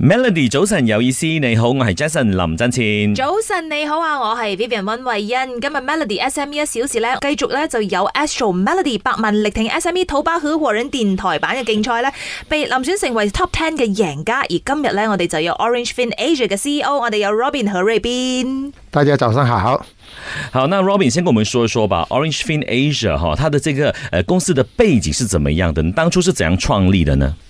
Melody 早晨有意思，你好，我係 Jason 林振前。早晨你好啊，我係 Vivian 溫慧欣。今日 Melody S M E 一小時咧，繼續咧就有 Astro Melody 百萬力挺 S M E 土巴兔華人電台版嘅競賽咧，被林選成為 Top Ten 嘅贏家。而今日咧，我哋就有 Orange Fin Asia 嘅 C E O，我哋有 Robin 何瑞斌。大家早上好，好，那 Robin 先跟我們說一說吧。Orange Fin Asia 哈，它的這個誒、呃、公司的背景是怎麼樣的？當初是怎樣創立的呢？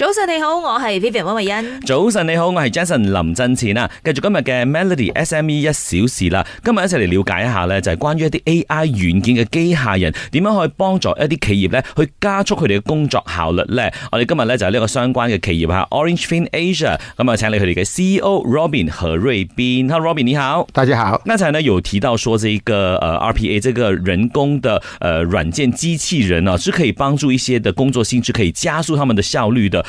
早晨你好，我係 Vivian 溫慧欣。早晨你好，我係 Jason 林振前啊。繼續今日嘅 Melody SME 一小時啦。今日一齊嚟了解一下咧，就係關於一啲 AI 軟件嘅機械人點樣可以幫助一啲企業咧，去加速佢哋嘅工作效率咧。我哋今日咧就係呢一個相關嘅企業吓 Orange Fin Asia，咁啊請嚟佢哋嘅 CEO Robin 何瑞斌。Hello Robin，你好，大家好。剛才呢有提到說，這個 RPA，這個人工的誒軟件機器人啊，是可以幫助一些的工作性質，只可以加速他們的效率的。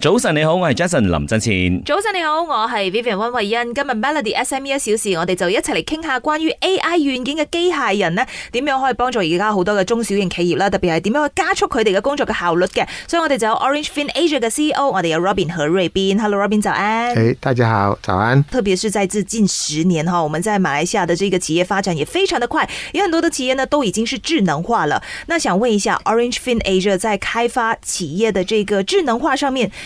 早晨你好，我係 Jason 林振前。早晨你好，我係 Vivian 溫慧欣。今日 Melody SME 一小時，我哋就一齊嚟傾下關於 AI 軟件嘅機械人呢，點樣可以幫助而家好多嘅中小型企業啦，特別係點樣去加速佢哋嘅工作嘅效率嘅。所以我哋就有 Orange Fin Asia 嘅 CEO，我哋有 Robin 何瑞斌。Hello Robin，早安。Hey, 大家好，早安。特別是在近十年哈，我們在馬來西亞的這個企業發展也非常的快，有很多的企業呢都已經是智能化了。那想問一下 Orange Fin Asia 在開發企業的這個智能化上面？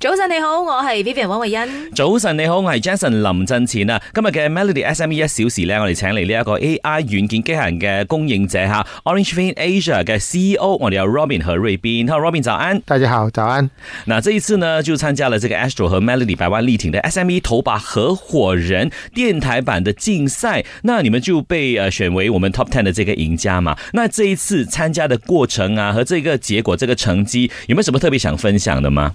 早晨你好，我係 Vivian 黃慧欣。早晨你好，我係 Jason 林振前啊。今日嘅 Melody SME 一小時咧，我哋請嚟呢一個 AI 軟件機器人嘅供應者哈，OrangeFin Asia 嘅 CEO 我哋有 Robin 和瑞斌。Hello Robin 早安。大家好，早安。那這一次呢，就參加了這個 Astro 和 Melody 百萬力挺嘅 SME 頭把合伙人電台版的競賽，那你們就被誒選為我們 Top Ten 的這個贏家嘛？那這一次參加的過程啊，和這個結果，這個成績，有沒有什麼特別想分享的嗎？